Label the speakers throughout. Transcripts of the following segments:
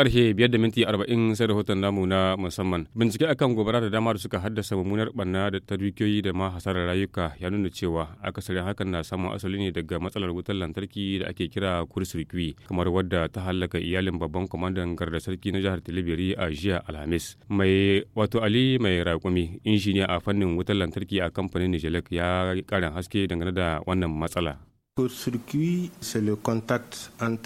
Speaker 1: karfe biyar da minti arba'in sai rahoton namu na musamman bincike akan gobara da dama da suka haddasa mummunar barna da ta dukiyoyi da ma hasarar rayuka ya nuna cewa akasarin hakan na samun asali ne daga matsalar wutar lantarki da ake kira kursirkwi kamar wadda ta hallaka iyalin babban kwamandan garda sarki na jihar tilibiri a jiya alhamis mai wato ali mai rakumi injiniya a fannin wutar lantarki a kamfanin nijelek ya karin haske dangane da wannan matsala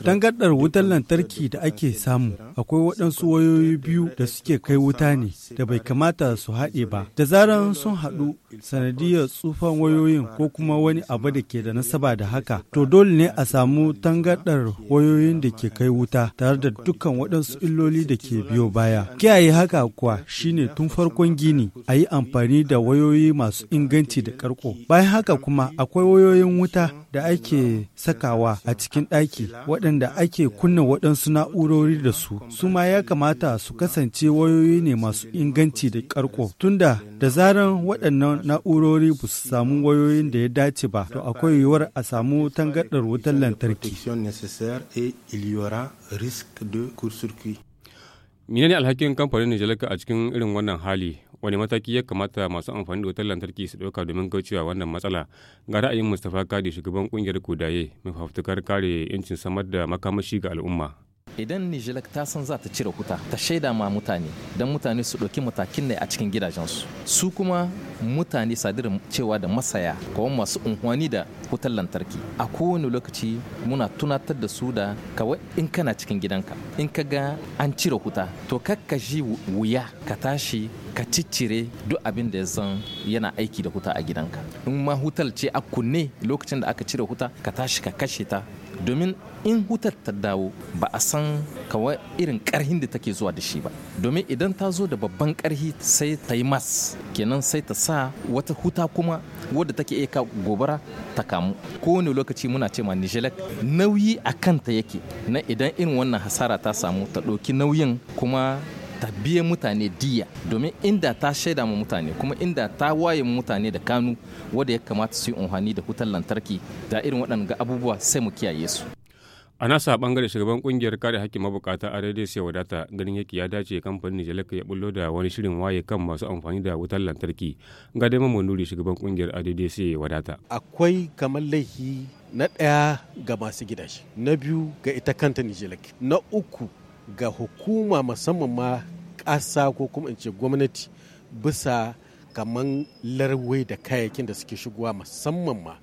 Speaker 2: Tangardar wutar lantarki da ake samu akwai waɗansu wayoyi biyu da suke kai wuta ne da bai kamata su haɗe ba. Da zaran sun haɗu sanadiyar tsufan wayoyin ko kuma wani abu da ke da nasaba da haka, to dole ne a samu tangardar wayoyin da ke kai wuta tare da dukkan waɗansu illoli da ke biyo baya. Kiyaye haka kuwa shine tun farkon gini a yi amfani da wayoyi masu inganci da karko. Bayan haka kuma akwai wayoyin wuta da ake ake sakawa a cikin ɗaki waɗanda ake kunna waɗansu na'urori da su su ma ya kamata su kasance wayoyi ne masu inganci da ƙarko tunda da zaran waɗannan na'urori ba su samu wayoyin da ya dace ba to akwai yiwuwar a samu tangaɗar wutar lantarki
Speaker 1: Mene ne alhakin kamfanin Nijalaka a cikin irin wannan hali wani mataki ya kamata masu amfani da wutar lantarki su ɗauka domin kaucewa wannan matsala ga ra'ayin mustapha kadi shugaban kungiyar kudaye mai fafutukar kare 'yancin samar da makamashi ga al'umma
Speaker 3: idan nijilak ta san za ta cire huta ta shaida ma mutane don mutane su ɗauki matakin ne a cikin gidajensu su kuma mutane sadir cewa da masaya kawai masu unhwani da wutar lantarki a kowane lokaci muna tunatar da su da kawai in kana cikin gidanka in ka ga an cire huta to kakka ji wuya ka tashi ka ciccire duk abin da ya san yana aiki da huta a gidanka in ma hutar ce a kunne lokacin da aka cire huta ka tashi ka kashe ta domin in hutar ta dawo ba a san kawa irin karhin da take zuwa da shi ba domin idan ta zo da babban karhi sai ta yi mas kenan sai ta sa wata huta kuma wadda take iya gobara ta kamu kowane lokaci muna ce ma nijelek nauyi a kanta yake na idan irin wannan hasara ta samu ta ɗauki nauyin kuma ta biye mutane diya domin inda ta shaida ma mutane kuma inda ta waye mutane da kanu wadda ya kamata su yi unhani da hutar lantarki da irin waɗanda
Speaker 1: abubuwa sai mu kiyaye su a nasa bangare shugaban kungiyar kare hakkin mabukata a daidai sai wadata ganin yake ya dace kamfanin jalaka ya bullo da wani shirin waye kan masu amfani da wutar lantarki ga dai nuri shugaban kungiyar a daidai sai wadata
Speaker 4: akwai kamar laifi na ɗaya ga masu gidaje na biyu ga ita kanta nijalaki na uku ga hukuma musamman ma ƙasa ko kuma in ce gwamnati bisa kaman larwai da kayayyakin da suke shigowa musamman ma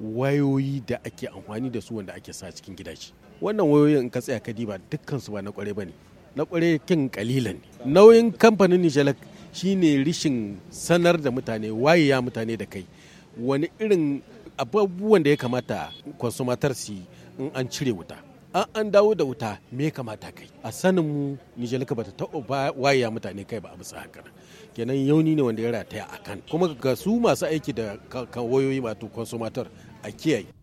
Speaker 4: wayoyi da ake amfani da su wanda ake sa cikin gidaje wannan wayoyin in ka tsaya ka diba dukkan su ba na kware bane na kware kin kalilan ne nauyin kamfanin nishalak shine rishin sanar da mutane wayeya mutane da kai wani irin abubuwan da ya kamata consumer su in an cire wuta an an dawo da wuta me ya kamata kai a sanin mu ka bata taɓa waya mutane kai ba a bisa haka kenan yauni ne wanda ya rataya a kan kuma ga su masu aiki da kan wayoyi to consumer a kiyaye